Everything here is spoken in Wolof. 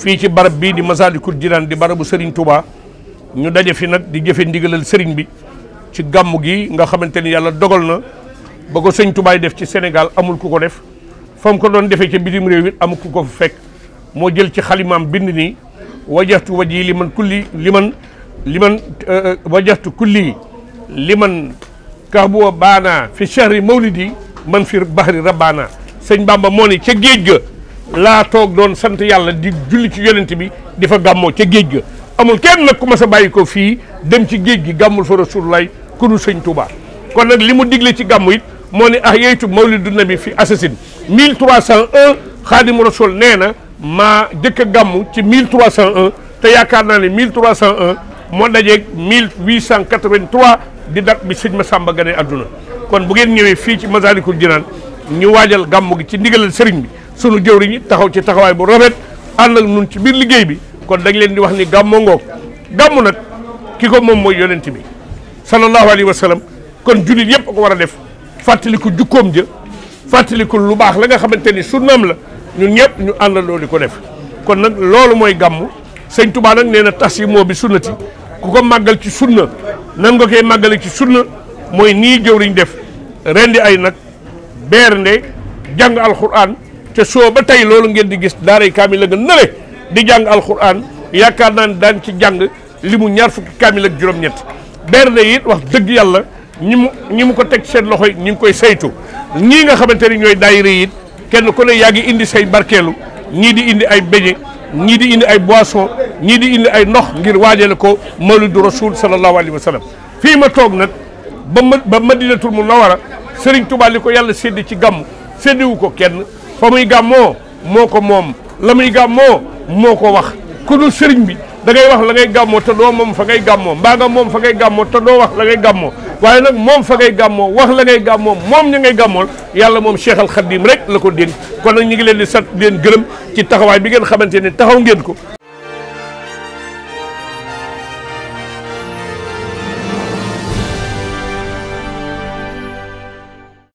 fii ci barab bii di Masaalikul Jinaan di barabu sëriñ Touba ñu daje fi nag di jëfe ndigalal sëriñ bi ci gàmm gi nga xamante ni yàlla dogal na ba ko sëñ tubaay def ci senegal amul ku ko def fa ko doon defee ca bitim réew it amul ku ko fekk moo jël ci xalimaam bind nii wajaxtu waji li man kulli li man li man euh, wajaxtu kulli li man kaabuwa baana fi chahri mawlidi man fi bahri rabbaana sëñ Bamba moo ne ca géej ga laa toog doon sant yàlla di julli ci yonent bi di fa gàmmoo ca géej ga amul kenn nag ku ma sa bàyyi ko fii dem ci géej gi gàmmul fa rasulullaay ku dul sëñ Touba kon nag li mu digle ci gàmm it moo ne ah yeytu mawlidu nabi fi assasin 1301 xaadimu rasul nee na maa jëkk a gàmm ci 1301 te yaakaar naa ne 1301 moo dajeeg 1883 di dat bi sëñ Massamba gane àdduna kon bu ngeen ñëwee fii ci Masalikul Jinaan ñu waajal gàmm gi ci ndigalal sëriñ bi sunu jëwriñ yi taxaw ci taxawaay bu rafet ànd ak nun ci biir liggéey bi kon dañ leen di wax ni gàmmoo ngoog gàmmu nag ki ko moom mooy yonent bi sallallahu alayhi wa sallam kon jullit yëpp ko war a def fàttaliku jukkoom jë fàttaliku lu baax la nga xamante ni sunnaam la ñun ñëpp ñu àndandoo di ko def kon nag loolu mooy gàmmu sëñ Tuubaa nag nee na tas yi moo bi sunnati ku ko màggal ci sunna nan nga koy màggale ci sunna mooy nii jëwriñ def di ay nag beernde jàng alxuraan te soo ba tey loolu ngeen di gis daaray kaamil la nga nële di jàng alxuraan yaakaar naa ne daan ci jàng li mu ñaar fukki kaamil ak juróom-ñett bernde yi wax dëgg yàlla ñi mu ñi mu ko teg seen loxo yi ñi ngi koy saytu ñii nga xamante ni ñooy daayira yit kenn ku ne yaa gi indi say barkeelu ñii di indi ay beñe ñii di indi ay boisson ñii di indi ay ndox ngir waajale ko mawlidu rasul sallallahu alayhi wa sallam fii ma toog nag ba ma ba madinatul munawara Serigne Touba li ko yàlla sédd ci gàmm séddiwu ko kenn fa muy gàmmoo moo ko moom la muy gàmmoo moo ko wax ku dul sëriñ bi da ngay wax la ngay gàmmoo te doo moom fa ngay gàmmoo mbaa nga moom fa ngay gàmmoo te doo wax la ngay gàmmoo waaye nag moom fa ngay gàmmoo wax la ngay gàmmoo moom ña ngay gàmmool yàlla moom Cheikh Al Khadim rek la ko dénk kon nag ñu ngi leen di sant leen gërëm ci taxawaay bi ngeen xamante ne taxaw ngeen ko